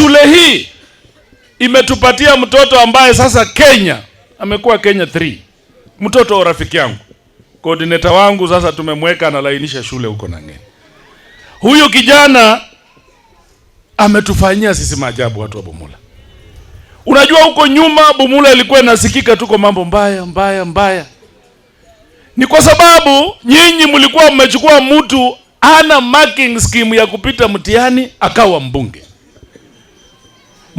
Shule hii imetupatia mtoto ambaye sasa Kenya amekuwa Kenya 3, mtoto wa rafiki yangu coordinator wangu, sasa tumemweka analainisha shule huko Nang'eni. Huyu kijana ametufanyia sisi maajabu, watu wa Bumula. Unajua huko nyuma Bumula ilikuwa inasikika tuko mambo mbaya mbaya mbaya, ni kwa sababu nyinyi mlikuwa mmechukua mtu ana marking scheme ya kupita mtihani akawa mbunge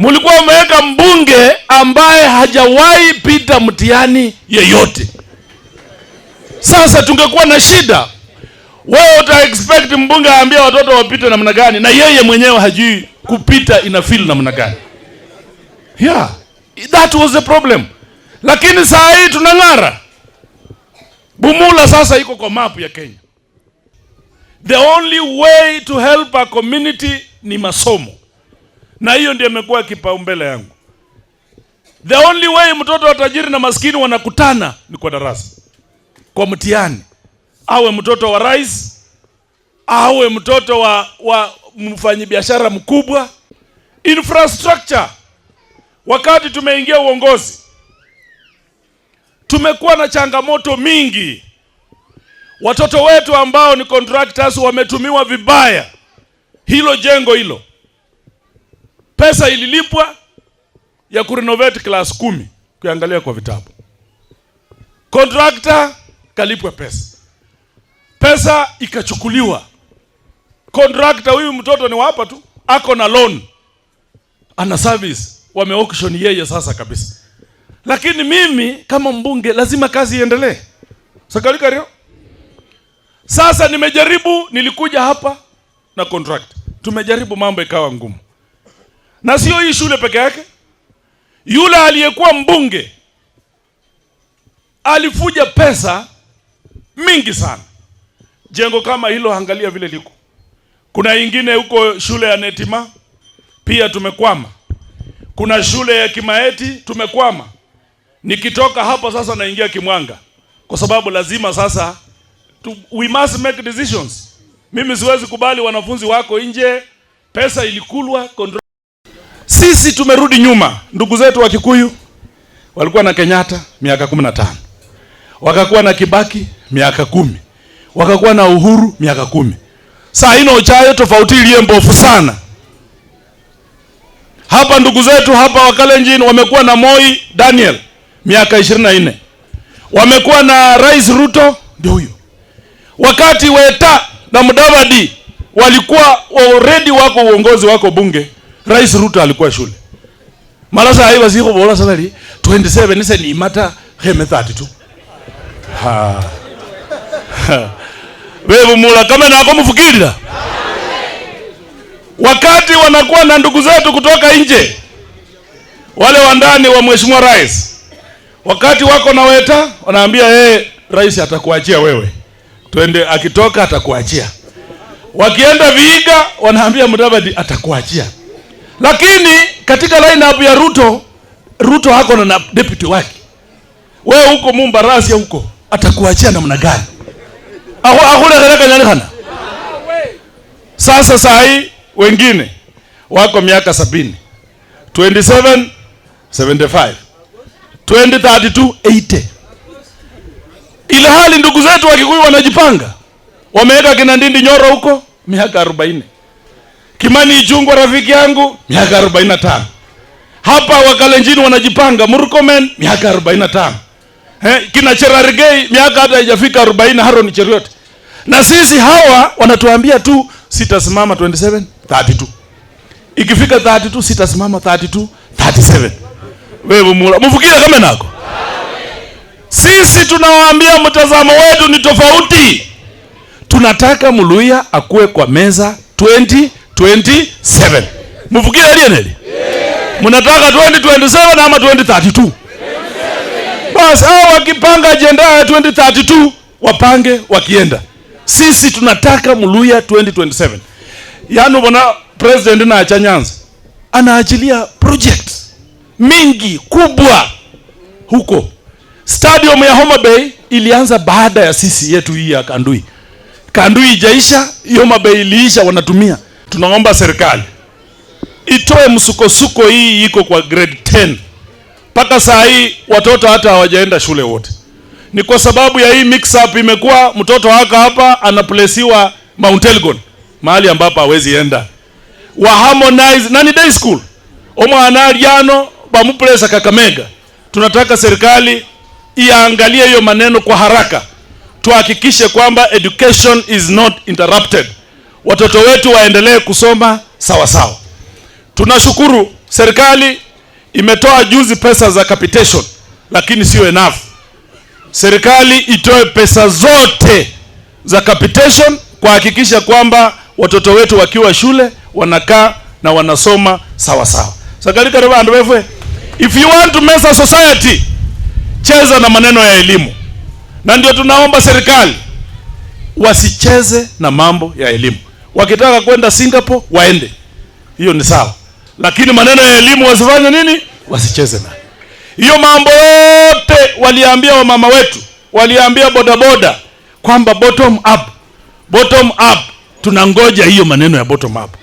Mlikuwa mmeweka mbunge ambaye hajawahi pita mtihani yeyote. Sasa tungekuwa na shida. Wewe uta expect mbunge aambie watoto wapite namna gani, na yeye mwenyewe hajui kupita ina feel namna gani? Yeah, that was the problem. Lakini saa hii tunang'ara. Bumula sasa iko kwa mapu ya Kenya. The only way to help a community ni masomo na hiyo ndio imekuwa kipaumbele yangu. The only way mtoto wa tajiri na maskini wanakutana ni kwa darasa, kwa mtihani, awe mtoto wa rais, awe mtoto wa, wa mfanyibiashara mkubwa. Infrastructure, wakati tumeingia uongozi, tumekuwa na changamoto mingi. Watoto wetu ambao ni contractors wametumiwa vibaya, hilo jengo hilo pesa ililipwa ya kurenovate class kumi, kuangalia kwa vitabu. Contractor kalipwa pesa, pesa ikachukuliwa. Contractor huyu mtoto ni wapa tu, ako na loan, ana service, wame auction yeye sasa kabisa. Lakini mimi kama mbunge lazima kazi iendelee. Sakalikario sasa, nimejaribu, nilikuja hapa na contract, tumejaribu, mambo ikawa ngumu na sio hii shule peke yake. Yule aliyekuwa mbunge alifuja pesa mingi sana. Jengo kama hilo, angalia vile liko. Kuna ingine huko shule ya Netima pia tumekwama. Kuna shule ya Kimaeti tumekwama. Nikitoka hapa sasa naingia Kimwanga, kwa sababu lazima sasa tu, we must make decisions. Mimi siwezi kubali wanafunzi wako nje, pesa ilikulwa control. Sisi tumerudi nyuma. Ndugu zetu wa Kikuyu walikuwa na Kenyatta miaka kumi na tano wakakuwa na Kibaki miaka kumi wakakuwa na Uhuru miaka kumi Saa ino uchayo tofauti iliye mbofu sana hapa. Ndugu zetu hapa wa Kalenjin wamekuwa na Moi Daniel miaka ishirini na nne wamekuwa na Rais Ruto ndio huyo. Wakati Weta na Mudavadi walikuwa already wako uongozi wako bunge Rais Ruto alikuwa shule. Mara sasa hivi ziko bora sana li 27 ni sasa ni mata heme 32. Ha. Wewe mula kama na kwa mfikirira. Wakati wanakuwa na ndugu zetu kutoka nje. Wale wa ndani wa mheshimiwa rais. Wakati wako na weta wanaambia yeye eh, hey, rais atakuachia wewe. Twende akitoka atakuachia. Wakienda viiga wanaambia Mudavadi atakuachia. Lakini katika lineup ya Ruto, Ruto hako na deputy wake. Wewe huko rasia huko atakuachia namna gani? Hakuna haraka Sasa saa hii wengine wako miaka sabini 27 75 2032 80 ile hali ndugu zetu Wakikuyu wanajipanga, wameweka kina Ndindi Nyoro huko miaka arobaini. Kimani Ijungwa rafiki yangu miaka 45. hapa Wakalenjini wanajipanga Murkomen miaka 45. eh, kina Cherargei miaka hata haijafika arobaini Haron Cheriot. na sisi hawa wanatuambia tu sitasimama 27 32 ikifika 32 sitasimama 32 37 wewe mula mvukia kama nako sisi tunawaambia mtazamo wetu ni tofauti tunataka Muluya akuwe kwa meza 20 2027 Mvukire ile ile. Mnataka 2027 ama 2032? Basi hao wakipanga ajenda ya 2032 wapange wakienda. Sisi tunataka Muluya 2027. Yaani bwana president na achanyanza anaachilia project mingi kubwa huko. Stadium ya Homa Bay ilianza baada ya sisi yetu hii ya Kandui. Kandui ijaisha, Homa Bay iliisha wanatumia tunaomba serikali itoe msukosuko hii iko kwa grade 10 mpaka saa hii watoto hata hawajaenda shule wote. Ni kwa sababu ya hii mix up imekuwa mtoto wako hapa anaplesiwa Mount Elgon mahali ambapo hawezi enda. Wa Harmonize nani day school. Omwana aliano bamuplesa Kakamega. Tunataka serikali iangalie hiyo maneno kwa haraka. Tuhakikishe kwamba education is not interrupted watoto wetu waendelee kusoma sawa sawa. Tunashukuru serikali imetoa juzi pesa za capitation, lakini sio enough. Serikali itoe pesa zote za capitation kuhakikisha kwamba watoto wetu wakiwa shule wanakaa na wanasoma sawa sawa. Sakarika vandu vefwe, if you want to mess a society, cheza na maneno ya elimu, na ndio tunaomba serikali wasicheze na mambo ya elimu wakitaka kwenda Singapore waende, hiyo ni sawa, lakini maneno ya elimu wasifanye nini, wasicheze na Hiyo mambo yote waliambia wamama wetu, waliambia bodaboda kwamba bottom up, bottom up. Tunangoja hiyo maneno ya bottom up.